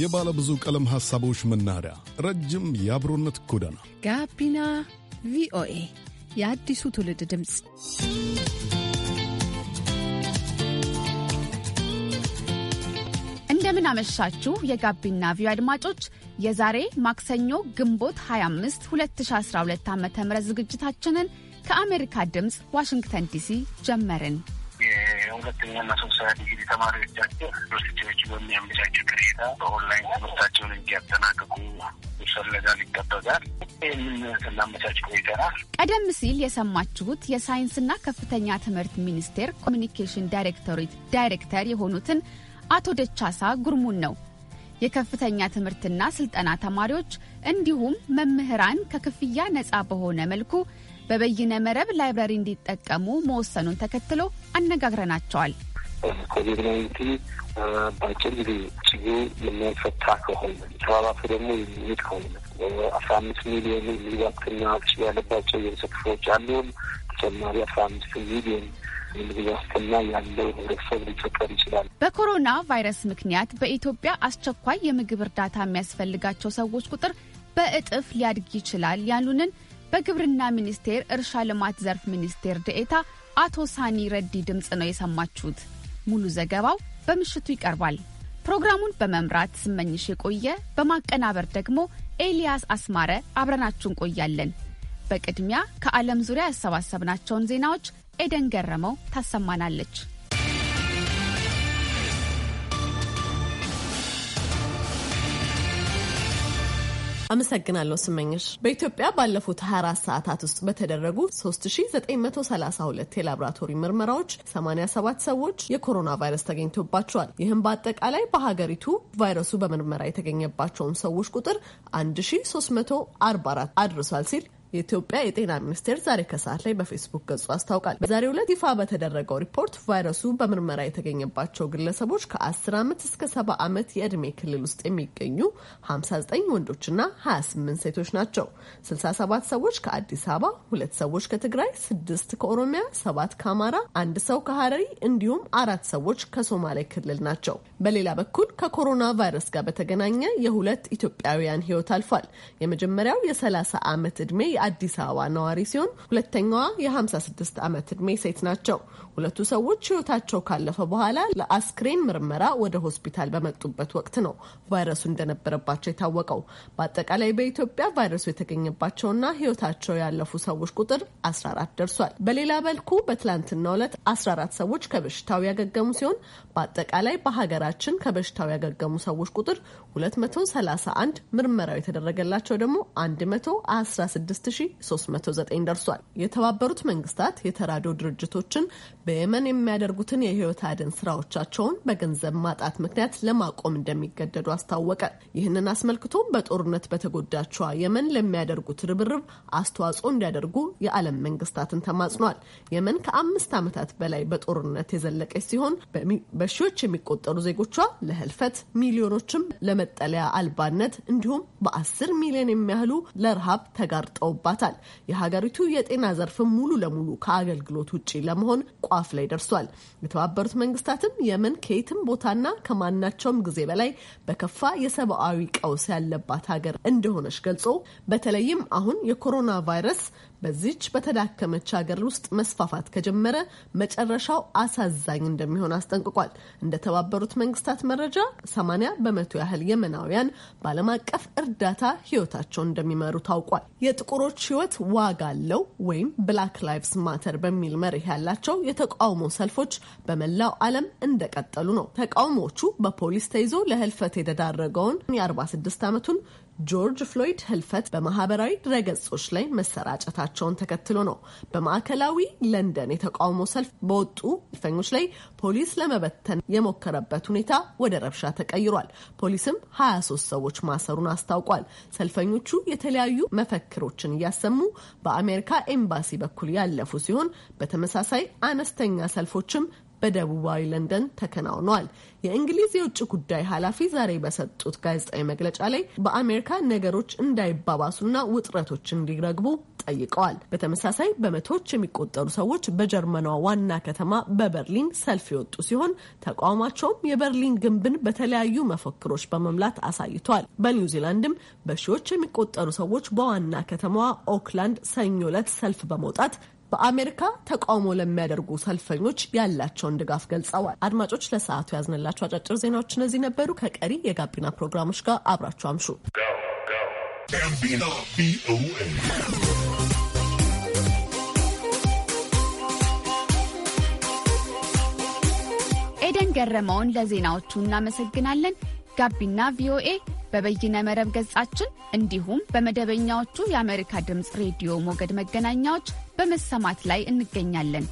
የባለ ብዙ ቀለም ሐሳቦች መናኸሪያ፣ ረጅም የአብሮነት ጎዳና ጋቢና ቪኦኤ የአዲሱ ትውልድ ድምፅ። እንደምን አመሻችሁ የጋቢና ቪኦኤ አድማጮች። የዛሬ ማክሰኞ ግንቦት 25 2012 ዓ ም ዝግጅታችንን ከአሜሪካ ድምፅ ዋሽንግተን ዲሲ ጀመርን። ሁለተኛና ሶስተኛ ዲግሪ ተማሪዎቻቸው ዩኒቨርሲቲዎች በሚያመቻቸው ቅሬታ በኦንላይን ትምህርታቸውን እንዲያጠናቅቁ ይፈለጋል፣ ይጠበቃል። ይህንን ስናመቻች ቆይተናል። ቀደም ሲል የሰማችሁት የሳይንስና ከፍተኛ ትምህርት ሚኒስቴር ኮሚኒኬሽን ዳይሬክቶሬት ዳይሬክተር የሆኑትን አቶ ደቻሳ ጉርሙን ነው። የከፍተኛ ትምህርትና ስልጠና ተማሪዎች እንዲሁም መምህራን ከክፍያ ነጻ በሆነ መልኩ በበይነ መረብ ላይብረሪ እንዲጠቀሙ መወሰኑን ተከትሎ አነጋግረናቸዋል። ኮቪድ ናይንቲን በአጭር ጊዜ ችግሩ የሚያፈታ ከሆነ ተባባቱ ደግሞ የሚሄድ ከሆነ አስራ አምስት ሚሊዮን የሚዋክትና ችግር ያለባቸው የህብረተሰብ ክፍሎች አሉም ተጨማሪ አስራ አምስት ሚሊዮን በኮሮና ቫይረስ ምክንያት በኢትዮጵያ አስቸኳይ የምግብ እርዳታ የሚያስፈልጋቸው ሰዎች ቁጥር በእጥፍ ሊያድግ ይችላል ያሉንን በግብርና ሚኒስቴር እርሻ ልማት ዘርፍ ሚኒስቴር ደኤታ አቶ ሳኒ ረዲ ድምፅ ነው የሰማችሁት። ሙሉ ዘገባው በምሽቱ ይቀርባል። ፕሮግራሙን በመምራት ስመኝሽ የቆየ በማቀናበር ደግሞ ኤልያስ አስማረ አብረናችሁ እንቆያለን። በቅድሚያ ከዓለም ዙሪያ ያሰባሰብናቸውን ዜናዎች ኤደን ገረመው ታሰማናለች። አመሰግናለሁ ስመኝሽ በኢትዮጵያ ባለፉት 24 ሰዓታት ውስጥ በተደረጉ 3932 የላብራቶሪ ምርመራዎች 87 ሰዎች የኮሮና ቫይረስ ተገኝቶባቸዋል። ይህም በአጠቃላይ በሀገሪቱ ቫይረሱ በምርመራ የተገኘባቸውን ሰዎች ቁጥር 1344 አድርሷል ሲል የኢትዮጵያ የጤና ሚኒስቴር ዛሬ ከሰዓት ላይ በፌስቡክ ገጹ አስታውቃል። በዛሬው ዕለት ይፋ በተደረገው ሪፖርት ቫይረሱ በምርመራ የተገኘባቸው ግለሰቦች ከ10 ዓመት እስከ 70 ዓመት የዕድሜ ክልል ውስጥ የሚገኙ 59 ወንዶችና 28 ሴቶች ናቸው። 67 ሰዎች ከአዲስ አበባ፣ ሁለት ሰዎች ከትግራይ፣ ስድስት ከኦሮሚያ፣ ሰባት ከአማራ፣ አንድ ሰው ከሀረሪ እንዲሁም አራት ሰዎች ከሶማሌ ክልል ናቸው። በሌላ በኩል ከኮሮና ቫይረስ ጋር በተገናኘ የሁለት ኢትዮጵያውያን ሕይወት አልፏል። የመጀመሪያው የ30 ዓመት ዕድሜ የአዲስ አበባ ነዋሪ ሲሆን ሁለተኛዋ የ56 ዓመት ዕድሜ ሴት ናቸው። ሁለቱ ሰዎች ህይወታቸው ካለፈ በኋላ ለአስክሬን ምርመራ ወደ ሆስፒታል በመጡበት ወቅት ነው ቫይረሱ እንደነበረባቸው የታወቀው። በአጠቃላይ በኢትዮጵያ ቫይረሱ የተገኘባቸውና ህይወታቸው ያለፉ ሰዎች ቁጥር 14 ደርሷል። በሌላ መልኩ በትላንትናው ዕለት 14 ሰዎች ከበሽታው ያገገሙ ሲሆን በአጠቃላይ በሀገራችን ከበሽታው ያገገሙ ሰዎች ቁጥር 231 ምርመራው የተደረገላቸው ደግሞ 116309 ደርሷል። የተባበሩት መንግስታት የተራድኦ ድርጅቶችን በየመን የሚያደርጉትን የህይወት አድን ስራዎቻቸውን በገንዘብ ማጣት ምክንያት ለማቆም እንደሚገደዱ አስታወቀ። ይህንን አስመልክቶ በጦርነት በተጎዳቸዋ የመን ለሚያደርጉት ርብርብ አስተዋጽኦ እንዲያደርጉ የዓለም መንግስታትን ተማጽኗል። የመን ከአምስት ዓመታት በላይ በጦርነት የዘለቀች ሲሆን በሺዎች የሚቆጠሩ ዜጎቿ ለህልፈት ሚሊዮኖችም ለመጠለያ አልባነት እንዲሁም በአስር ሚሊዮን የሚያህሉ ለረሃብ ተጋርጠውባታል። የሀገሪቱ የጤና ዘርፍም ሙሉ ለሙሉ ከአገልግሎት ውጪ ለመሆን ቋ አፍ ላይ ደርሷል። የተባበሩት መንግስታትም የመን ከየትም ቦታና ከማናቸውም ጊዜ በላይ በከፋ የሰብአዊ ቀውስ ያለባት ሀገር እንደሆነች ገልጾ በተለይም አሁን የኮሮና ቫይረስ በዚች በተዳከመች ሀገር ውስጥ መስፋፋት ከጀመረ መጨረሻው አሳዛኝ እንደሚሆን አስጠንቅቋል። እንደተባበሩት መንግስታት መረጃ 80 በመቶ ያህል የመናውያን በዓለም አቀፍ እርዳታ ህይወታቸውን እንደሚመሩ ታውቋል። የጥቁሮች ህይወት ዋጋ አለው ወይም ብላክ ላይቭስ ማተር በሚል መርህ ያላቸው የተቃውሞ ሰልፎች በመላው ዓለም እንደቀጠሉ ነው። ተቃውሞዎቹ በፖሊስ ተይዞ ለህልፈት የተዳረገውን የ46 ዓመቱን ጆርጅ ፍሎይድ ህልፈት በማህበራዊ ድረገጾች ላይ መሰራጨታቸውን ተከትሎ ነው። በማዕከላዊ ለንደን የተቃውሞ ሰልፍ በወጡ ሰልፈኞች ላይ ፖሊስ ለመበተን የሞከረበት ሁኔታ ወደ ረብሻ ተቀይሯል። ፖሊስም 23 ሰዎች ማሰሩን አስታውቋል። ሰልፈኞቹ የተለያዩ መፈክሮችን እያሰሙ በአሜሪካ ኤምባሲ በኩል ያለፉ ሲሆን በተመሳሳይ አነስተኛ ሰልፎችም በደቡባዊ ለንደን ተከናውኗል። የእንግሊዝ የውጭ ጉዳይ ኃላፊ ዛሬ በሰጡት ጋዜጣዊ መግለጫ ላይ በአሜሪካ ነገሮች እንዳይባባሱና ውጥረቶች እንዲረግቡ ጠይቀዋል። በተመሳሳይ በመቶዎች የሚቆጠሩ ሰዎች በጀርመኗ ዋና ከተማ በበርሊን ሰልፍ የወጡ ሲሆን ተቃውሟቸውም የበርሊን ግንብን በተለያዩ መፈክሮች በመምላት አሳይቷል። በኒውዚላንድም በሺዎች የሚቆጠሩ ሰዎች በዋና ከተማዋ ኦክላንድ ሰኞ ዕለት ሰልፍ በመውጣት በአሜሪካ ተቃውሞ ለሚያደርጉ ሰልፈኞች ያላቸውን ድጋፍ ገልጸዋል። አድማጮች ለሰዓቱ ያዝንላቸው አጫጭር ዜናዎች እነዚህ ነበሩ። ከቀሪ የጋቢና ፕሮግራሞች ጋር አብራችሁ አምሹ። ኤደን ገረመውን ለዜናዎቹ እናመሰግናለን። ጋቢና ቪኦኤ በበይነ መረብ ገጻችን እንዲሁም በመደበኛዎቹ የአሜሪካ ድምፅ ሬዲዮ ሞገድ መገናኛዎች በመሰማት ላይ እንገኛለን።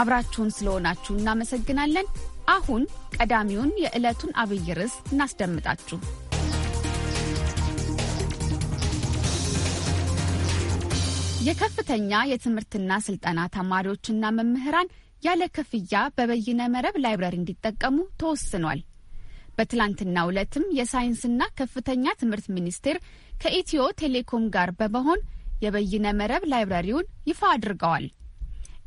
አብራችሁን ስለሆናችሁ እናመሰግናለን። አሁን ቀዳሚውን የዕለቱን አብይ ርዕስ እናስደምጣችሁ። የከፍተኛ የትምህርትና ስልጠና ተማሪዎችና መምህራን ያለ ክፍያ በበይነ መረብ ላይብረሪ እንዲጠቀሙ ተወስኗል። በትላንትና ዕለትም የሳይንስና ከፍተኛ ትምህርት ሚኒስቴር ከኢትዮ ቴሌኮም ጋር በመሆን የበይነ መረብ ላይብራሪውን ይፋ አድርገዋል።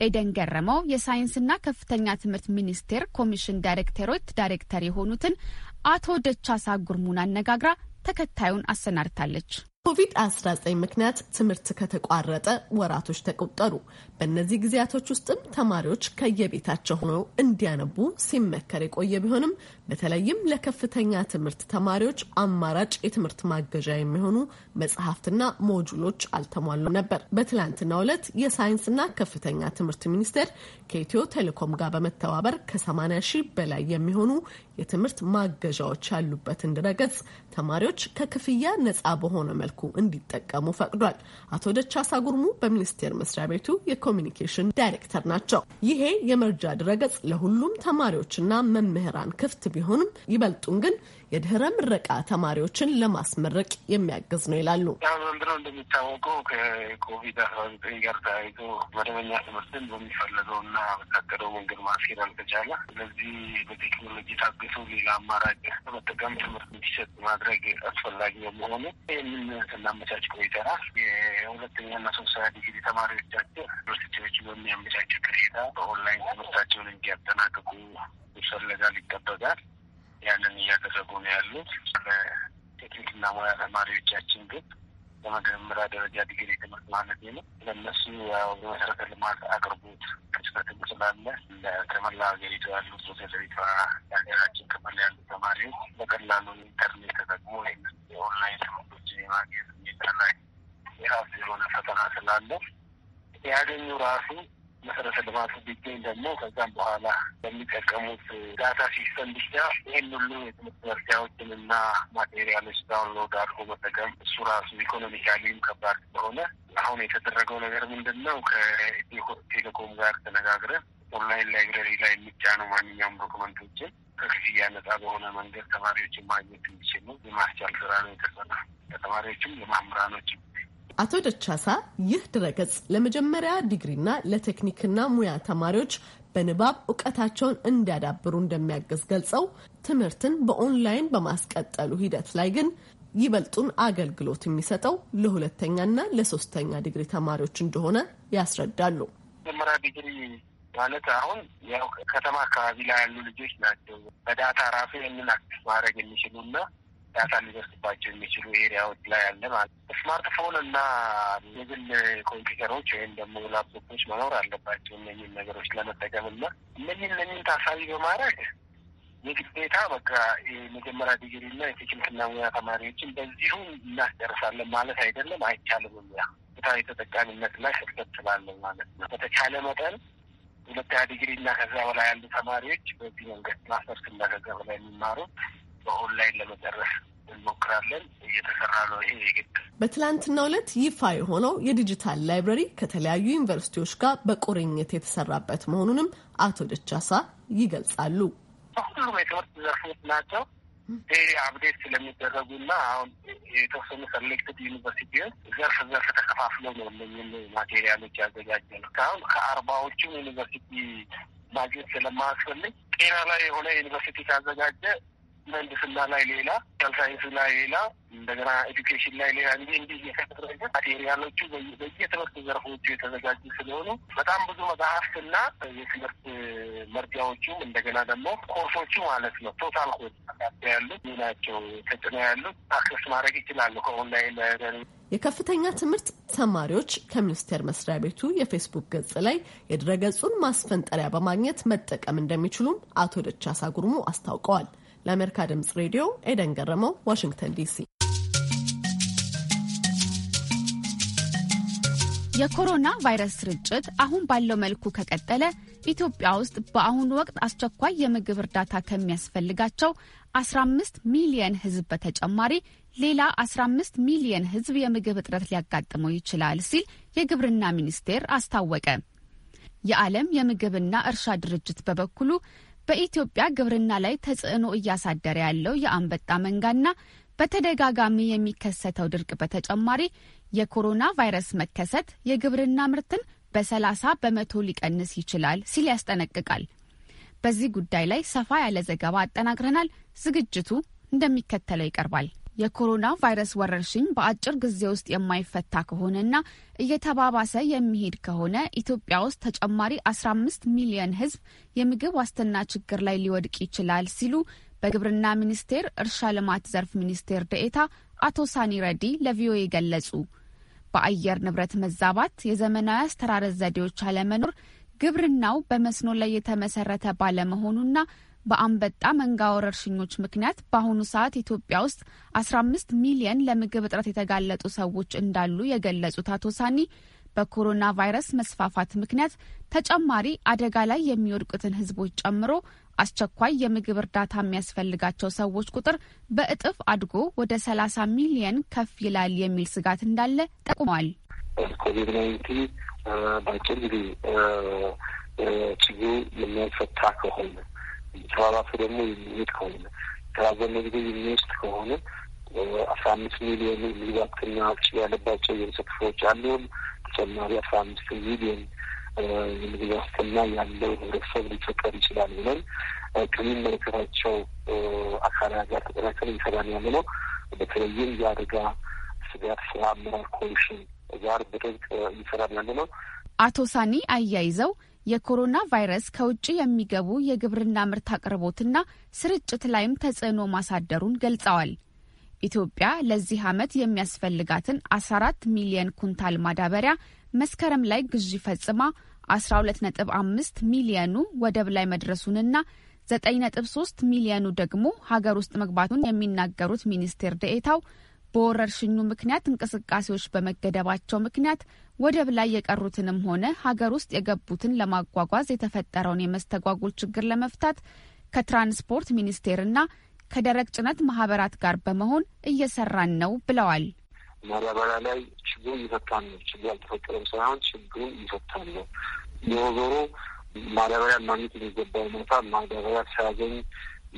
ኤደን ገረመው የሳይንስና ከፍተኛ ትምህርት ሚኒስቴር ኮሚሽን ዳይሬክተሮች ዳይሬክተር የሆኑትን አቶ ደቻሳ ጉርሙን አነጋግራ ተከታዩን አሰናድታለች። ኮቪድ-19 ምክንያት ትምህርት ከተቋረጠ ወራቶች ተቆጠሩ። በእነዚህ ጊዜያቶች ውስጥም ተማሪዎች ከየቤታቸው ሆነው እንዲያነቡ ሲመከር የቆየ ቢሆንም በተለይም ለከፍተኛ ትምህርት ተማሪዎች አማራጭ የትምህርት ማገዣ የሚሆኑ መጽሐፍትና ሞጁሎች አልተሟሉ ነበር። በትላንትናው ዕለት የሳይንስና ከፍተኛ ትምህርት ሚኒስቴር ከኢትዮ ቴሌኮም ጋር በመተባበር ከ80 ሺህ በላይ የሚሆኑ የትምህርት ማገዣዎች ያሉበትን ድረገጽ ተማሪዎች ከክፍያ ነጻ በሆነ መልኩ እንዲጠቀሙ ፈቅዷል። አቶ ደቻሳ ጉርሙ በሚኒስቴር መስሪያ ቤቱ ኮሚኒኬሽን ዳይሬክተር ናቸው። ይሄ የመርጃ ድረገጽ ለሁሉም ተማሪዎችና መምህራን ክፍት ቢሆንም ይበልጡን ግን የድህረ ምረቃ ተማሪዎችን ለማስመረቅ የሚያግዝ ነው ይላሉ። ዘንድሮ እንደሚታወቀው ከኮቪድ አስራ ዘጠኝ ጋር ተያይዞ መደበኛ ትምህርትን በሚፈለገው እና በታቀደው መንገድ ማስሄድ አልተቻለ። ስለዚህ በቴክኖሎጂ ታግሶ ሌላ አማራጭ በመጠቀም ትምህርት እንዲሰጥ ማድረግ አስፈላጊ በመሆኑ ይህንን ስናመቻች ቆይተናል። የሁለተኛና ሶስተኛ ዲግሪ ተማሪዎቻቸው ዩኒቨርሲቲዎች በሚያመቻቸው ቅሬታ በኦንላይን ትምህርታቸውን እንዲያጠናቅቁ ይፈለጋል ይጠበቃል። ያንን እያደረጉ ነው ያሉት። ቴክኒክና ሙያ ተማሪዎቻችን ግን በመጀመሪያ ደረጃ ዲግሪ ትምህርት ማለት ነው። ለነሱ ያው በመሰረተ ልማት አቅርቦት ክፍተትም ስላለ ከመላ ሀገሪቱ ያሉ ሶሴሪቷ የሀገራችን ክፍል ያሉ ተማሪዎች በቀላሉ ኢንተርኔት ተጠቅሞ ወይም የኦንላይን ትምህርቶችን የማግኘት የሚጠራ የራሱ የሆነ ፈተና ስላለ ያገኙ ራሱ መሰረተ ልማት ቢገኝ ደግሞ ከዛም በኋላ በሚጠቀሙት ዳታ ሲስተም ብቻ ይህን ሁሉ የትምህርት መርጃዎችን እና ማቴሪያሎች ዳውንሎድ አድርጎ መጠቀም እሱ ራሱ ኢኮኖሚካሊም ከባድ ስለሆነ አሁን የተደረገው ነገር ምንድን ነው? ከቴሌኮም ጋር ተነጋግረን ኦንላይን ላይብረሪ ላይ የሚጫኑ ማንኛውም ዶክመንቶችን ከክፍያ ነጻ በሆነ መንገድ ተማሪዎችን ማግኘት እንዲችሉ የማስቻል ስራ ነው የተሰራ ለተማሪዎችም ለማምራኖችም አቶ ደቻሳ ይህ ድረገጽ ለመጀመሪያ ዲግሪና ለቴክኒክና ሙያ ተማሪዎች በንባብ እውቀታቸውን እንዲያዳብሩ እንደሚያገዝ ገልጸው ትምህርትን በኦንላይን በማስቀጠሉ ሂደት ላይ ግን ይበልጡን አገልግሎት የሚሰጠው ለሁለተኛና ለሶስተኛ ዲግሪ ተማሪዎች እንደሆነ ያስረዳሉ። መጀመሪያ ዲግሪ ማለት አሁን ያው ከተማ አካባቢ ላይ ያሉ ልጆች ናቸው። በዳታ ራሱ ይህንን አክስ ማድረግ የሚችሉ ዳታ ሊደርስባቸው የሚችሉ ኤሪያዎች ላይ አለ ማለት ስማርትፎን እና የግል ኮምፒውተሮች ወይም ደግሞ ላፕቶፖች መኖር አለባቸው እነኝን ነገሮች ለመጠቀም እና እነኝን እነኝን ታሳቢ በማድረግ የግዴታ በቃ የመጀመሪያ ዲግሪ እና የቴክኒክና ሙያ ተማሪዎችን በዚሁ እናስደርሳለን ማለት አይደለም፣ አይቻልም። ሙያ ቦታዊ የተጠቃሚነት ላይ ስርተት ማለት ነው። በተቻለ መጠን ሁለተኛ ዲግሪ እና ከዛ በላይ ያሉ ተማሪዎች በዚህ መንገድ ማስተርስ እና ከዛ በላይ የሚማሩት በኦንላይን ለመጨረስ እንሞክራለን። እየተሰራ ነው። ይሄ የግድ በትላንትና ዕለት ይፋ የሆነው የዲጂታል ላይብረሪ ከተለያዩ ዩኒቨርሲቲዎች ጋር በቁርኝት የተሰራበት መሆኑንም አቶ ደቻሳ ይገልጻሉ። በሁሉም የትምህርት ዘርፎች ናቸው ይሄ አብዴት ስለሚደረጉ እና አሁን የተወሰኑ ሰሌክትድ ዩኒቨርሲቲዎች ዘርፍ ዘርፍ ተከፋፍሎ ነው እነኝን ማቴሪያሎች ያዘጋጀ ነው። እስካሁን ከአርባዎቹም ዩኒቨርሲቲ ማግኘት ስለማያስፈልግ ጤና ላይ የሆነ ዩኒቨርሲቲ ካዘጋጀ ምህንድስና ላይ ሌላ፣ ሳይንስ ላይ ሌላ፣ እንደገና ኤዱኬሽን ላይ ሌላ እንዲ እንዲ እየተደረገ ማቴሪያሎቹ በየትምህርት ዘርፎቹ የተዘጋጁ ስለሆኑ በጣም ብዙ መጽሐፍትና የትምህርት መርጃዎቹም እንደገና ደግሞ ኮርሶቹ ማለት ነው ቶታል ኮ ያሉት ናቸው ተጭነ ያሉት አክሰስ ማድረግ ይችላሉ ከኦንላይን የከፍተኛ ትምህርት ተማሪዎች ከሚኒስቴር መስሪያ ቤቱ የፌስቡክ ገጽ ላይ የድረገጹን ማስፈንጠሪያ በማግኘት መጠቀም እንደሚችሉም አቶ ደቻሳ ጉርሙ አስታውቀዋል። ለአሜሪካ ድምጽ ሬዲዮ ኤደን ገረመው፣ ዋሽንግተን ዲሲ። የኮሮና ቫይረስ ስርጭት አሁን ባለው መልኩ ከቀጠለ ኢትዮጵያ ውስጥ በአሁኑ ወቅት አስቸኳይ የምግብ እርዳታ ከሚያስፈልጋቸው 15 ሚሊየን ሕዝብ በተጨማሪ ሌላ 15 ሚሊየን ሕዝብ የምግብ እጥረት ሊያጋጥመው ይችላል ሲል የግብርና ሚኒስቴር አስታወቀ። የዓለም የምግብና እርሻ ድርጅት በበኩሉ በኢትዮጵያ ግብርና ላይ ተጽዕኖ እያሳደረ ያለው የአንበጣ መንጋና በተደጋጋሚ የሚከሰተው ድርቅ በተጨማሪ የኮሮና ቫይረስ መከሰት የግብርና ምርትን በሰላሳ በመቶ ሊቀንስ ይችላል ሲል ያስጠነቅቃል። በዚህ ጉዳይ ላይ ሰፋ ያለ ዘገባ አጠናቅረናል። ዝግጅቱ እንደሚከተለው ይቀርባል። የኮሮና ቫይረስ ወረርሽኝ በአጭር ጊዜ ውስጥ የማይፈታ ከሆነና እየተባባሰ የሚሄድ ከሆነ ኢትዮጵያ ውስጥ ተጨማሪ 15 ሚሊዮን ሕዝብ የምግብ ዋስትና ችግር ላይ ሊወድቅ ይችላል ሲሉ በግብርና ሚኒስቴር እርሻ ልማት ዘርፍ ሚኒስቴር ደኤታ አቶ ሳኒ ረዲ ለቪኦኤ ገለጹ። በአየር ንብረት መዛባት የዘመናዊ አስተራረስ ዘዴዎች አለመኖር ግብርናው በመስኖ ላይ የተመሰረተ ባለመሆኑና በአንበጣ መንጋ ወረርሽኞች ምክንያት በአሁኑ ሰዓት ኢትዮጵያ ውስጥ 15 ሚሊየን ለምግብ እጥረት የተጋለጡ ሰዎች እንዳሉ የገለጹት አቶ ሳኒ በኮሮና ቫይረስ መስፋፋት ምክንያት ተጨማሪ አደጋ ላይ የሚወድቁትን ህዝቦች ጨምሮ አስቸኳይ የምግብ እርዳታ የሚያስፈልጋቸው ሰዎች ቁጥር በእጥፍ አድጎ ወደ 30 ሚሊየን ከፍ ይላል የሚል ስጋት እንዳለ ጠቁመዋል። ኮቪድ ናይንቲን በአጭር ጊዜ ችግሩ የሚያስፈታ ከሆነ ተባባሱ ደግሞ የሚሄድ ከሆነ ተባዘነ ጊዜ የሚወስድ ከሆነ አስራ አምስት ሚሊዮን ሊባክትና ክፍያ ያለባቸው የህብረተሰብ ክፍሎች አሉን። ተጨማሪ አስራ አምስት ሚሊዮን የምግብ ዋስትና ያለው ህብረተሰብ ሊፈቀድ ይችላል ብለን ከሚመለከታቸው አካላት ጋር ተጠናክረን ይሰራን ያለ ነው። በተለይም የአደጋ ስጋት ስራ አመራር ኮሚሽን ጋር በደንቅ ይሰራን ያለ ነው። አቶ ሳኒ አያይዘው የኮሮና ቫይረስ ከውጭ የሚገቡ የግብርና ምርት አቅርቦትና ስርጭት ላይም ተጽዕኖ ማሳደሩን ገልጸዋል። ኢትዮጵያ ለዚህ ዓመት የሚያስፈልጋትን 14 ሚሊየን ኩንታል ማዳበሪያ መስከረም ላይ ግዢ ፈጽማ 12.5 ሚሊየኑ ወደብ ላይ መድረሱንና 9.3 ሚሊየኑ ደግሞ ሀገር ውስጥ መግባቱን የሚናገሩት ሚኒስቴር ደኤታው በወረርሽኙ ምክንያት እንቅስቃሴዎች በመገደባቸው ምክንያት ወደብ ላይ የቀሩትንም ሆነ ሀገር ውስጥ የገቡትን ለማጓጓዝ የተፈጠረውን የመስተጓጉል ችግር ለመፍታት ከትራንስፖርት ሚኒስቴርና ከደረቅ ጭነት ማህበራት ጋር በመሆን እየሰራን ነው ብለዋል። ማዳበሪያ ላይ ችግሩን እየፈታን ነው። ችግር አልተፈጠረም ሳይሆን ችግሩን እየፈታን ነው። የወዘሮ ማዳበሪያ ማግኘት የሚገባው ሁኔታ ማዳበሪያ ሳያገኝ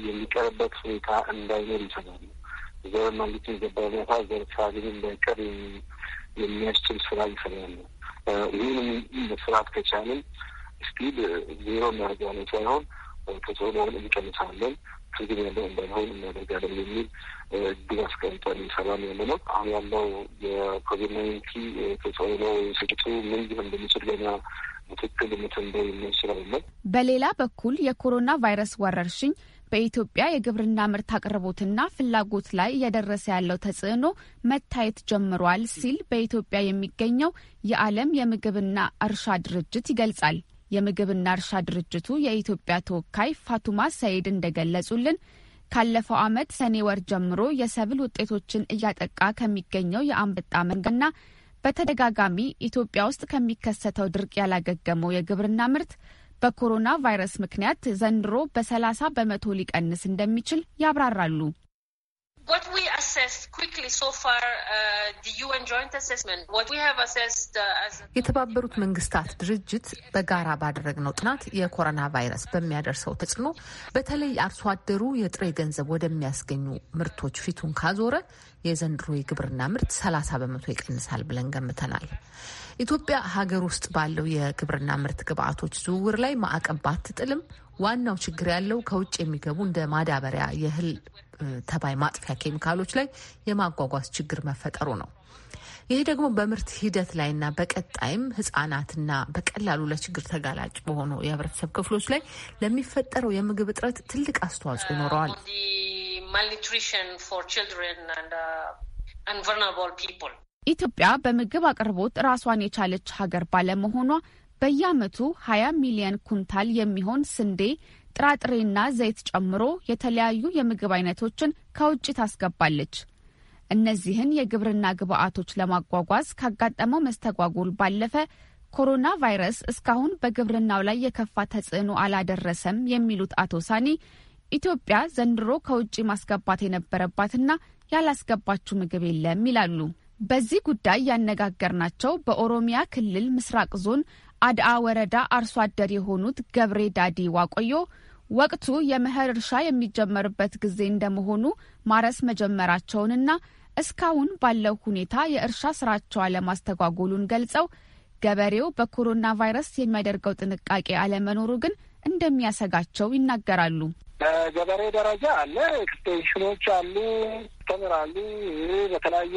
የሚቀርበት ሁኔታ እንዳይኖር ይሰራሉ። ዘር ማግኘት የሚገባው ሁኔታ ዘር ሳያገኝ እንዳይቀር የሚያስችል ስራ ይሰራሉ። ይህንም መስራት ከቻልን ስፒድ ዜሮ እናደርጋለን ሳይሆን ተጽዕኖውን እንቀንሳለን፣ ትርጉም ያለው እንዳይሆን እናደርጋለን የሚል እድል አስቀምጠን እየሰራን ያለ ነው። አሁን ያለው የኮቪድ ናይንቲን ተጽዕኖ ስርጭቱ ምን ሊሆን እንደሚችል ገና በትክክል ምትንበ የሚያስችላለን። በሌላ በኩል የኮሮና ቫይረስ ወረርሽኝ በኢትዮጵያ የግብርና ምርት አቅርቦትና ፍላጎት ላይ እየደረሰ ያለው ተጽዕኖ መታየት ጀምሯል ሲል በኢትዮጵያ የሚገኘው የዓለም የምግብና እርሻ ድርጅት ይገልጻል። የምግብና እርሻ ድርጅቱ የኢትዮጵያ ተወካይ ፋቱማ ሰይድ እንደገለጹልን ካለፈው ዓመት ሰኔ ወር ጀምሮ የሰብል ውጤቶችን እያጠቃ ከሚገኘው የአንበጣ መንጋና በተደጋጋሚ ኢትዮጵያ ውስጥ ከሚከሰተው ድርቅ ያላገገመው የግብርና ምርት በኮሮና ቫይረስ ምክንያት ዘንድሮ በሰላሳ በመቶ ሊቀንስ እንደሚችል ያብራራሉ። uh, uh, የተባበሩት መንግስታት ድርጅት በጋራ ባደረግነው ጥናት የኮሮና ቫይረስ በሚያደርሰው ተጽዕኖ በተለይ አርሶ አደሩ የጥሬ ገንዘብ ወደሚያስገኙ ምርቶች ፊቱን ካዞረ የዘንድሮ የግብርና ምርት ሰላሳ በመቶ ይቀንሳል ብለን ገምተናል። ኢትዮጵያ ሀገር ውስጥ ባለው የግብርና ምርት ግብዓቶች ዝውውር ላይ ማዕቀብ ባትጥልም ዋናው ችግር ያለው ከውጭ የሚገቡ እንደ ማዳበሪያ፣ የእህል ተባይ ማጥፊያ ኬሚካሎች ላይ የማጓጓዝ ችግር መፈጠሩ ነው። ይህ ደግሞ በምርት ሂደት ላይና በቀጣይም ህጻናትና በቀላሉ ለችግር ተጋላጭ በሆኑ የህብረተሰብ ክፍሎች ላይ ለሚፈጠረው የምግብ እጥረት ትልቅ አስተዋጽኦ ይኖረዋል። malnutrition ኢትዮጵያ በምግብ አቅርቦት ራሷን የቻለች ሀገር ባለመሆኗ በየዓመቱ 20 ሚሊየን ኩንታል የሚሆን ስንዴ፣ ጥራጥሬና ዘይት ጨምሮ የተለያዩ የምግብ አይነቶችን ከውጭ ታስገባለች። እነዚህን የግብርና ግብዓቶች ለማጓጓዝ ካጋጠመው መስተጓጎል ባለፈ ኮሮና ቫይረስ እስካሁን በግብርናው ላይ የከፋ ተጽዕኖ አላደረሰም የሚሉት አቶ ሳኒ ኢትዮጵያ ዘንድሮ ከውጭ ማስገባት የነበረባትና ያላስገባችው ምግብ የለም ይላሉ። በዚህ ጉዳይ ያነጋገርናቸው በኦሮሚያ ክልል ምስራቅ ዞን አድአ ወረዳ አርሶ አደር የሆኑት ገብሬ ዳዲ ዋቆዮ ወቅቱ የመኸር እርሻ የሚጀመርበት ጊዜ እንደመሆኑ ማረስ መጀመራቸውንና እስካሁን ባለው ሁኔታ የእርሻ ስራቸው አለማስተጓጎሉን ገልጸው ገበሬው በኮሮና ቫይረስ የሚያደርገው ጥንቃቄ አለመኖሩ ግን እንደሚያሰጋቸው ይናገራሉ። በገበሬ ደረጃ አለ፣ ኤክስቴንሽኖች አሉ፣ ተምራሉ በተለያየ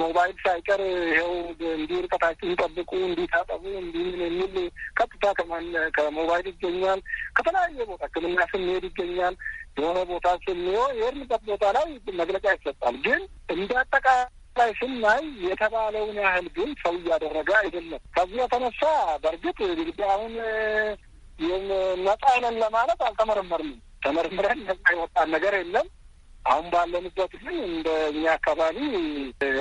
ሞባይል ሳይቀር ይኸው እንዲህ ርቀታችሁን ጠብቁ፣ እንዲህ ታጠቡ፣ እንዲህ የሚል ቀጥታ ከሞባይል ይገኛል። ከተለያየ ቦታ ሕክምና ስንሄድ ይገኛል። የሆነ ቦታ ስንሆን የሄድንበት ቦታ ላይ መግለጫ ይሰጣል። ግን እንዳጠቃ ላይ ስናይ የተባለውን ያህል ግን ሰው እያደረገ አይደለም። ከዚህ የተነሳ በእርግጥ እንግዲህ አሁን ነጻ ነን ለማለት አልተመረመርንም። ተመርምረን ነጻ የወጣን ነገር የለም። አሁን ባለንበት ግን እንደ እኛ አካባቢ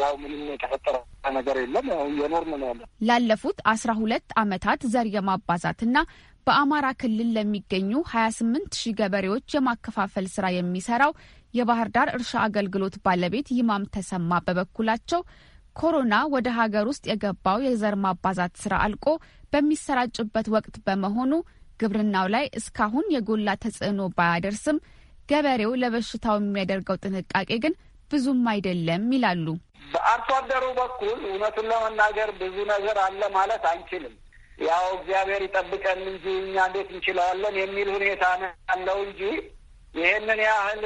ያው ምንም የተፈጠረ ነገር የለም። ያው የኖርን ነው ያለ ላለፉት አስራ ሁለት አመታት ዘር የማባዛትና በአማራ ክልል ለሚገኙ ሀያ ስምንት ሺህ ገበሬዎች የማከፋፈል ስራ የሚሰራው የባህር ዳር እርሻ አገልግሎት ባለቤት ይማም ተሰማ በበኩላቸው ኮሮና ወደ ሀገር ውስጥ የገባው የዘር ማባዛት ስራ አልቆ በሚሰራጭበት ወቅት በመሆኑ ግብርናው ላይ እስካሁን የጎላ ተጽዕኖ ባያደርስም ገበሬው ለበሽታው የሚያደርገው ጥንቃቄ ግን ብዙም አይደለም ይላሉ። በአርሶ አደሩ በኩል እውነቱን ለመናገር ብዙ ነገር አለ ማለት አንችልም። ያው እግዚአብሔር ይጠብቀን እንጂ እኛ እንዴት እንችለዋለን የሚል ሁኔታ ነው ያለው እንጂ ይህንን ያህል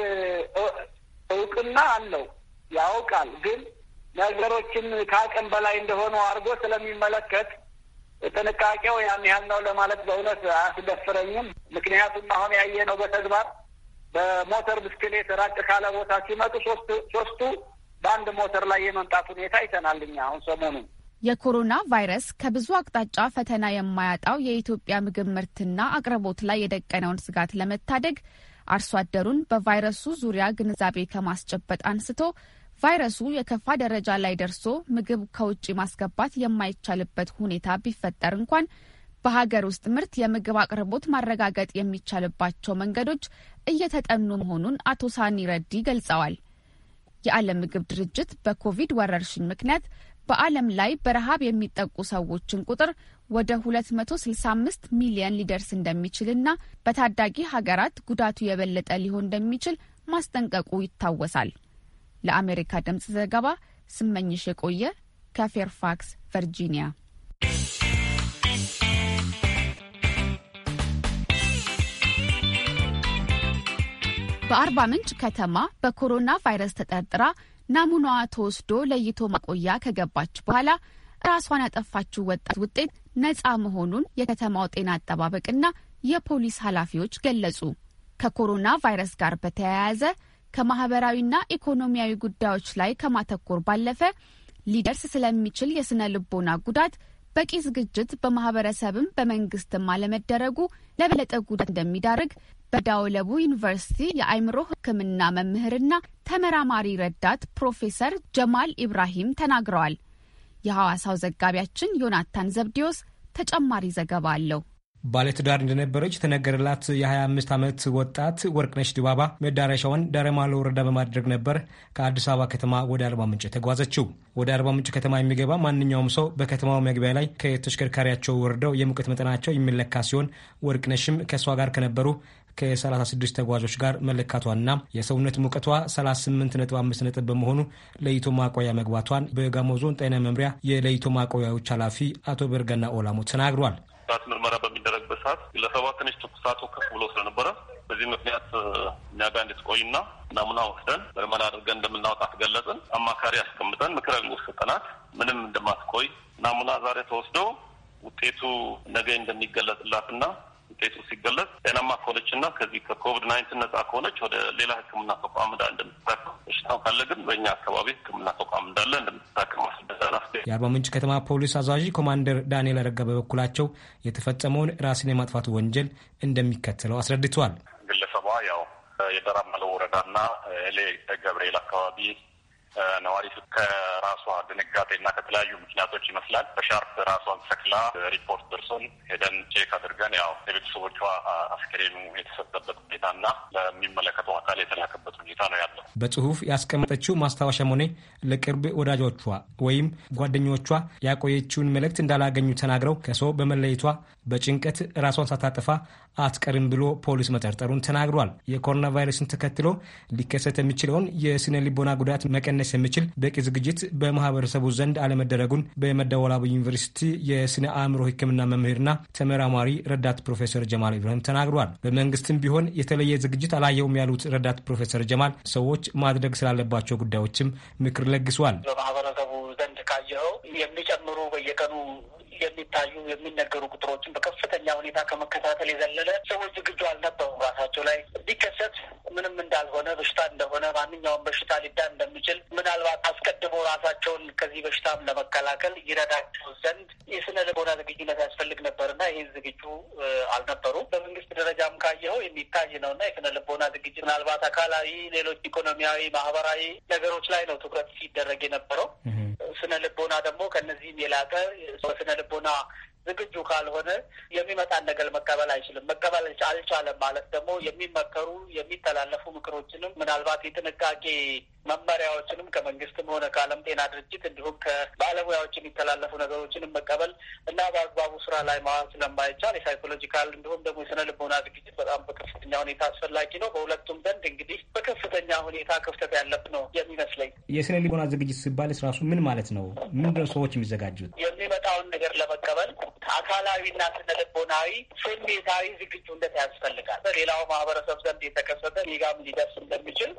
እውቅና አለው ያውቃል። ግን ነገሮችን ከአቅም በላይ እንደሆኑ አድርጎ ስለሚመለከት ጥንቃቄው ያን ያህል ነው ለማለት በእውነት አያስደፍረኝም። ምክንያቱም አሁን ያየነው በተግባር በሞተር ብስክሌት ራቅ ካለ ቦታ ሲመጡ ሶስቱ በአንድ ሞተር ላይ የመምጣት ሁኔታ ይተናል። እኛ አሁን ሰሞኑን የኮሮና ቫይረስ ከብዙ አቅጣጫ ፈተና የማያጣው የኢትዮጵያ ምግብ ምርትና አቅርቦት ላይ የደቀነውን ስጋት ለመታደግ አርሶ አደሩን በቫይረሱ ዙሪያ ግንዛቤ ከማስጨበጥ አንስቶ ቫይረሱ የከፋ ደረጃ ላይ ደርሶ ምግብ ከውጭ ማስገባት የማይቻልበት ሁኔታ ቢፈጠር እንኳን በሀገር ውስጥ ምርት የምግብ አቅርቦት ማረጋገጥ የሚቻልባቸው መንገዶች እየተጠኑ መሆኑን አቶ ሳኒ ረዲ ገልጸዋል። የዓለም ምግብ ድርጅት በኮቪድ ወረርሽኝ ምክንያት በዓለም ላይ በረሃብ የሚጠቁ ሰዎችን ቁጥር ወደ 265 ሚሊየን ሊደርስ እንደሚችልና በታዳጊ ሀገራት ጉዳቱ የበለጠ ሊሆን እንደሚችል ማስጠንቀቁ ይታወሳል። ለአሜሪካ ድምፅ ዘገባ ስመኝሽ የቆየ ከፌርፋክስ ቨርጂኒያ። በአርባ ምንጭ ከተማ በኮሮና ቫይረስ ተጠርጥራ ናሙናዋ ተወስዶ ለይቶ ማቆያ ከገባች በኋላ ራሷን ያጠፋችው ወጣት ውጤት ነጻ መሆኑን የከተማው ጤና አጠባበቅና የፖሊስ ኃላፊዎች ገለጹ። ከኮሮና ቫይረስ ጋር በተያያዘ ከማህበራዊና ኢኮኖሚያዊ ጉዳዮች ላይ ከማተኮር ባለፈ ሊደርስ ስለሚችል የስነ ልቦና ጉዳት በቂ ዝግጅት በማህበረሰብም በመንግስትም አለመደረጉ ለበለጠ ጉዳት እንደሚዳርግ በዳውለቡ ዩኒቨርሲቲ የአእምሮ ሕክምና መምህርና ተመራማሪ ረዳት ፕሮፌሰር ጀማል ኢብራሂም ተናግረዋል። የሐዋሳው ዘጋቢያችን ዮናታን ዘብዲዮስ ተጨማሪ ዘገባ አለው። ባለትዳር እንደነበረች የተነገረላት የ25 ዓመት ወጣት ወርቅነሽ ድባባ መዳረሻውን ዳረማሎ ወረዳ በማድረግ ነበር ከአዲስ አበባ ከተማ ወደ አርባ ምንጭ ተጓዘችው። ወደ አርባ ምንጭ ከተማ የሚገባ ማንኛውም ሰው በከተማው መግቢያ ላይ ከተሽከርካሪያቸው ወርደው የሙቀት መጠናቸው የሚለካ ሲሆን ወርቅነሽም ከእሷ ጋር ከነበሩ ከ36 ተጓዦች ጋር መለካቷና የሰውነት ሙቀቷ 38.5 ነጥብ በመሆኑ ለይቶ ማቆያ መግባቷን በጋሞ ዞን ጤና መምሪያ የለይቶ ማቆያዎች ኃላፊ አቶ በርገና ኦላሞ ተናግሯል። ሰዓት ምርመራ በሚደረግበት ሰዓት ግለሰቧ ትንሽ ትኩሳቱ ከፍ ብሎ ስለነበረ በዚህ ምክንያት እኛ ጋር እንድትቆይና ናሙና ወስደን ምርመራ አድርገን እንደምናወጣት ገለጽን። አማካሪ አስቀምጠን ምክረ ንጉስ ምንም እንደማትቆይ ናሙና ዛሬ ተወስዶ ውጤቱ ነገ እንደሚገለጽላትና ውጤቱ ሲገለጽ ጤናማ ከሆነች እና ከዚህ ከኮቪድ ናይንቲን ነጻ ከሆነች ወደ ሌላ ሕክምና ተቋም እዳ እንደምትታከም በሽታው ካለ ግን በእኛ አካባቢ ሕክምና ተቋም እንዳለ እንደምትታከም አስደዛናፍ። የአርባ ምንጭ ከተማ ፖሊስ አዛዥ ኮማንደር ዳንኤል አረጋ በበኩላቸው የተፈጸመውን ራስን የማጥፋት ወንጀል እንደሚከተለው አስረድተዋል። ግለሰቧ ያው የደራማለው ወረዳና ሌ ገብርኤል አካባቢ ነዋሪቱ ከራሷ ድንጋጤና ከተለያዩ ምክንያቶች ይመስላል በሻርፕ ራሷን ሰክላ ሪፖርት ደርሶን ሄደን ቼክ አድርገን ያው የቤተሰቦቿ አስክሬኑ የተሰጠበት ሁኔታና ለሚመለከተው አካል የተላከበት ሁኔታ ነው ያለው። በጽሁፍ ያስቀመጠችው ማስታወሻም ሆነ ለቅርብ ወዳጆቿ ወይም ጓደኞቿ ያቆየችውን መልእክት እንዳላገኙ ተናግረው ከሰው በመለየቷ በጭንቀት ራሷን ሳታጠፋ አትቀርም ብሎ ፖሊስ መጠርጠሩን ተናግሯል። የኮሮና ቫይረስን ተከትሎ ሊከሰት የሚችለውን የስነ ልቦና ጉዳት መቀነስ የሚችል በቂ ዝግጅት በማህበረሰቡ ዘንድ አለመደረጉን በመደወላቡ ዩኒቨርሲቲ የስነ አእምሮ ሕክምና መምህርና ተመራማሪ ረዳት ፕሮፌሰር ጀማል ኢብራሂም ተናግሯል። በመንግስትም ቢሆን የተለየ ዝግጅት አላየውም ያሉት ረዳት ፕሮፌሰር ጀማል ሰዎች ማድረግ ስላለባቸው ጉዳዮችም ምክር ለግሷል። በማህበረሰቡ ዘንድ ካየኸው የሚጨምሩ በየቀኑ የሚታዩ የሚነገሩ ቁጥሮችን በከፍተኛ ሁኔታ ከመከታተል የዘለለ ሰዎች ዝግጁ አልነበሩ ራሳቸው ላይ ቢከሰት ምንም እንዳልሆነ በሽታ እንደሆነ ማንኛውም በሽታ ሊዳን እንደሚችል ምናልባት አስቀድሞ ራሳቸውን ከዚህ በሽታም ለመከላከል ይረዳቸው ዘንድ የስነ ልቦና ዝግጁነት ያስፈልግ ነበርና ይህ ዝግጁ አልነበሩም። በመንግስት ደረጃም ካየኸው የሚታይ ነውና የስነ ልቦና ዝግጅት ምናልባት አካላዊ፣ ሌሎች ኢኮኖሚያዊ፣ ማህበራዊ ነገሮች ላይ ነው ትኩረት ሲደረግ የነበረው። ስነ ልቦና ደግሞ ከነዚህም የላቀ ስነ ልቦና ዝግጁ ካልሆነ የሚመጣን ነገር መቀበል አይችልም። መቀበል አልቻለም ማለት ደግሞ የሚመከሩ የሚተላለፉ ምክሮችንም ምናልባት የጥንቃቄ መመሪያዎችንም ከመንግስትም ሆነ ከዓለም ጤና ድርጅት እንዲሁም ከባለሙያዎች የሚተላለፉ ነገሮችንም መቀበል እና በአግባቡ ስራ ላይ ማዋል ስለማይቻል የሳይኮሎጂካል እንዲሁም ደግሞ የስነ ልቦና ዝግጅት በጣም በከፍተኛ ሁኔታ አስፈላጊ ነው። በሁለቱም ዘንድ እንግዲህ በከፍተኛ ሁኔታ ክፍተት ያለብ ነው የሚመስለኝ። የስነ ልቦና ዝግጅት ሲባል ራሱ ምን ማለት ነው? ምንድነው ሰዎች የሚዘጋጁት? የሚመጣውን ነገር ለመቀበል አካላዊና ስነ ልቦናዊ ስሜታዊ ዝግጁነት ያስፈልጋል። በሌላው ማህበረሰብ ዘንድ የተከሰተ ሊጋም ሊደርስ እንደሚችል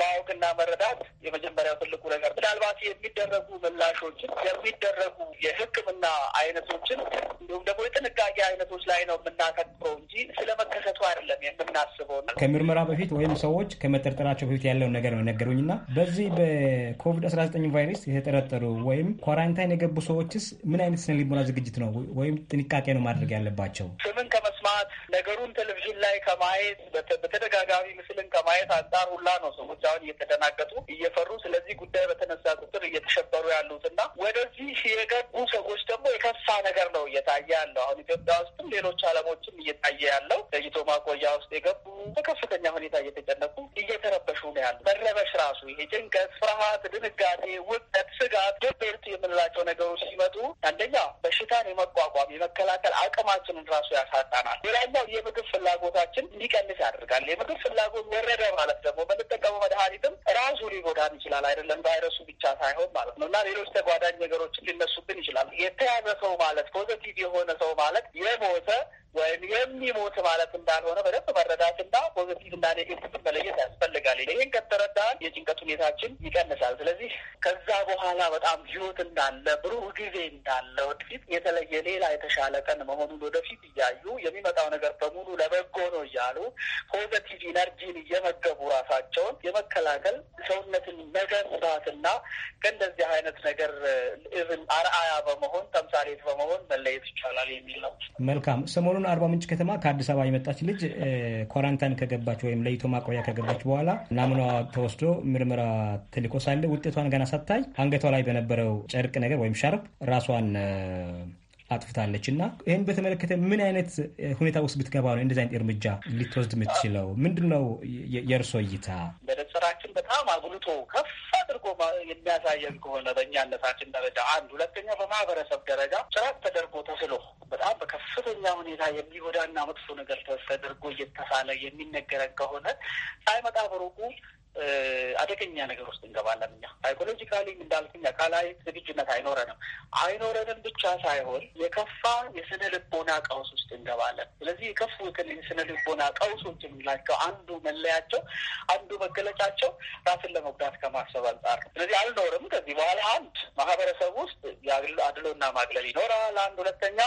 ማወቅና መረ መረዳት የመጀመሪያው ትልቁ ነገር ምናልባት የሚደረጉ ምላሾችን የሚደረጉ የሕክምና አይነቶችን እንዲሁም ደግሞ የጥንቃቄ አይነቶች ላይ ነው የምናተኩረው እንጂ ስለ መከሰቱ አይደለም የምናስበው። ከምርመራ በፊት ወይም ሰዎች ከመጠርጠራቸው በፊት ያለውን ነገር ነው የነገሩኝ እና በዚህ በኮቪድ አስራ ዘጠኝ ቫይረስ የተጠረጠሩ ወይም ኳራንታይን የገቡ ሰዎችስ ምን አይነት ስነ ሊሞና ዝግጅት ነው ወይም ጥንቃቄ ነው ማድረግ ያለባቸው? ስምን ከመ ከመስማት ነገሩን ቴሌቪዥን ላይ ከማየት በተደጋጋሚ ምስልን ከማየት አንጻር ሁላ ነው ሰዎች አሁን እየተደናገጡ እየፈሩ ስለዚህ ጉዳይ በተነሳ ቁጥር እየተሸበሩ ያሉት እና ወደዚህ የገቡ ሰዎች ደግሞ የከፋ ነገር ነው እየታየ ያለው አሁን ኢትዮጵያ ውስጥም ሌሎች ዓለሞችም እየታየ ያለው ለይቶ ማቆያ ውስጥ የገቡ በከፍተኛ ሁኔታ እየተጨነቁ እየተረበሹ ነው ያሉ። መረበሽ ራሱ ይሄ ጭንቀት፣ ፍርሃት፣ ድንጋጤ፣ ውጠት፣ ስጋት፣ ድብርት የምንላቸው ነገሮች ሲመጡ አንደኛ በሽታን የመቋቋም የመከላከል አቅማችንን ራሱ ያሳጣናል። ሌላኛው የምግብ ፍላጎታችን እንዲቀንስ ያደርጋል። የምግብ ፍላጎት ወረደ ማለት ደግሞ የምንጠቀመው መድኃኒትም ራሱ ሊጎዳን ይችላል። አይደለም ቫይረሱ ብቻ ሳይሆን ማለት ነው እና ሌሎች ተጓዳኝ ነገሮችን ሊነሱብን ይችላል። የተያዘ ሰው ማለት ፖዘቲቭ የሆነ ሰው ማለት የሞተ ወይም የሚሞት ማለት እንዳልሆነ በደንብ መረዳትና ፖዘቲቭ እና ኔጌቲቭ መለየት ያስፈልጋል። ይህን ከተረዳን የጭንቀት ሁኔታችን ይቀንሳል። ስለዚህ ከዛ በኋላ በጣም ህይወት እንዳለ ብሩህ ጊዜ እንዳለ ወደፊት የተለየ ሌላ የተሻለ ቀን መሆኑን ወደፊት እያዩ የሚመጣው ነገር በሙሉ ለበጎ ነው እያሉ ፖዘቲቭ ኢነርጂን እየመገቡ ራሳቸውን የመከላከል ሰውነትን መገንባትና ከእንደዚህ አይነት ነገር ኢቭን አርአያ በመሆን ተምሳሌት በመሆን መለየት ይቻላል የሚል ነው። መልካም ሰሞኑን አርባ ምንጭ ከተማ ከአዲስ አበባ የመጣች ልጅ ኳራንታይን ከገባች ወይም ለይቶ ማቆያ ከገባች በኋላ ናሙኗ ተወስዶ ምርመራ ተልኮ ሳለ ውጤቷን ገና ሳታይ አንገቷ ላይ በነበረው ጨርቅ ነገር ወይም ሻርፕ ራሷን አጥፍታለች እና ይህን በተመለከተ ምን አይነት ሁኔታ ውስጥ ብትገባ ነው እንደዚህ አይነት እርምጃ ልትወስድ የምትችለው? ምንድን ነው የእርሶ እይታ? በደብሰራችን በጣም አጉልቶ ከፍ አድርጎ የሚያሳየን ከሆነ በእኛነታችን ደረጃ አንድ፣ ሁለተኛ በማህበረሰብ ደረጃ ጭራት ተደርጎ ተስሎ በጣም በከፍተኛ ሁኔታ የሚጎዳና መጥፎ ነገር ተደርጎ እየተሳለ የሚነገረን ከሆነ ሳይመጣ በሩቁ አደገኛ ነገር ውስጥ እንገባለን። እኛ ሳይኮሎጂካሊ እንዳልኩኝ አካላዊ ዝግጁነት አይኖረንም። አይኖረንም ብቻ ሳይሆን የከፋ የስነ ልቦና ቀውስ ውስጥ እንገባለን። ስለዚህ የከፉ የስነ ልቦና ቀውሶች የምንላቸው አንዱ መለያቸው፣ አንዱ መገለጫቸው ራስን ለመጉዳት ከማሰብ አንጻር ነው። ስለዚህ አልኖርም ከዚህ በኋላ አንድ ማህበረሰብ ውስጥ አድሎና ማግለል ይኖራል። አንድ ሁለተኛ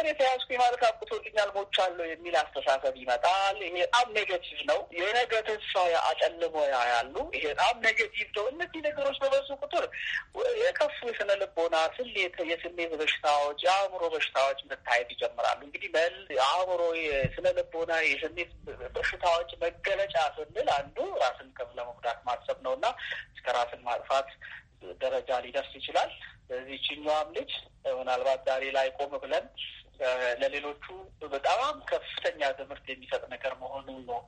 እኔ ተያዝኩ ማለት አቁቶልኛል ሞቻለሁ የሚል አስተሳሰብ ይመጣል። ይሄ በጣም ኔጌቲቭ ነው። የነገ ተስፋ አጨልሞ ያያሉ። ይሄ በጣም ኔጌቲቭ ነው። እነዚህ ነገሮች በበዙ ቁጥር የከፉ የስነ ልቦና ስሌት፣ የስሜት በሽታዎች፣ የአእምሮ በሽታዎች መታየት ይጀምራሉ። እንግዲህ መል የአእምሮ የስነ ልቦና የስሜት በሽታዎች መገለጫ ስንል አንዱ ራስን ከፍ ለመጉዳት ማሰብ ነው እና እስከ ራስን ማጥፋት ደረጃ ሊደርስ ይችላል። በዚህ ችኛዋም ልጅ ምናልባት ዛሬ ላይ ቆም ብለን ለሌሎቹ በጣም ከፍተኛ ትምህርት የሚሰጥ ነገር መሆኑን ነው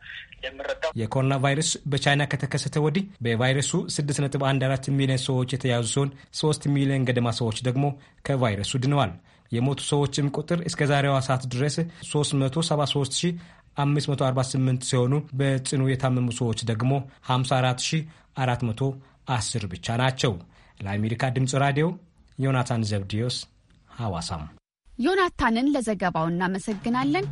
የምረዳው። የኮሮና ቫይረስ በቻይና ከተከሰተ ወዲህ በቫይረሱ ስድስት ነጥብ አንድ አራት ሚሊዮን ሰዎች የተያዙ ሲሆን ሶስት ሚሊዮን ገደማ ሰዎች ደግሞ ከቫይረሱ ድነዋል። የሞቱ ሰዎችም ቁጥር እስከ ዛሬዋ ሰዓት ድረስ 373548 ሲሆኑ በጽኑ የታመሙ ሰዎች ደግሞ 54410 ብቻ ናቸው። ለአሜሪካ ድምፅ ራዲዮ ዮናታን ዘብዲዮስ ሐዋሳም ዮናታንን ለዘገባው እናመሰግናለን።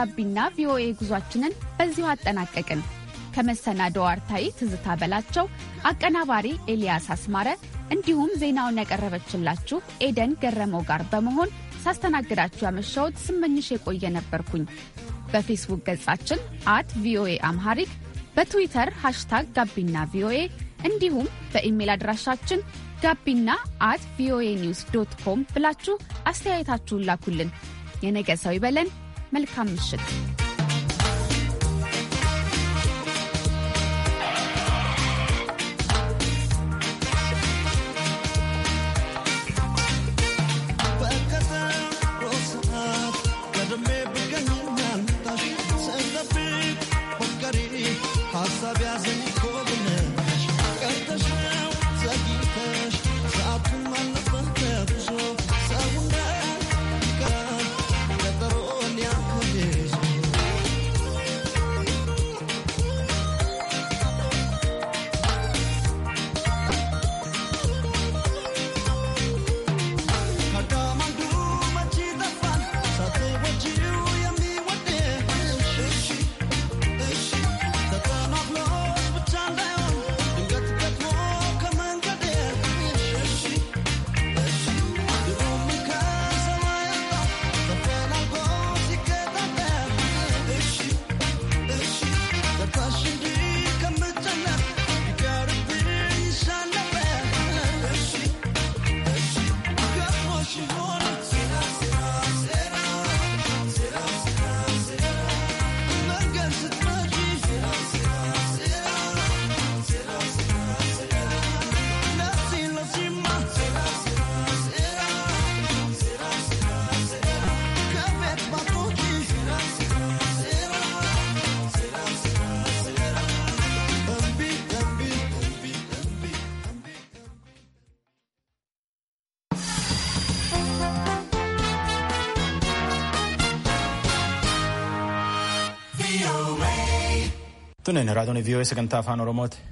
ጋቢና ቪኦኤ ጉዟችንን በዚሁ አጠናቀቅን። ከመሰናዶው አርታኢ ትዝታ በላቸው፣ አቀናባሪ ኤልያስ አስማረ እንዲሁም ዜናውን ያቀረበችላችሁ ኤደን ገረመው ጋር በመሆን ሳስተናግዳችሁ ያመሻውት ስመኝሽ የቆየ ነበርኩኝ። በፌስቡክ ገጻችን አት ቪኦኤ አምሃሪክ በትዊተር ሃሽታግ ጋቢና ቪኦኤ እንዲሁም በኢሜል አድራሻችን ጋቢና አት ቪኦኤ ኒውስ ዶት ኮም ብላችሁ አስተያየታችሁን ላኩልን። የነገ ሰው ይበለን። መልካም ምሽት። Tunin raadoon VOA sagantaa afaan Oromooti.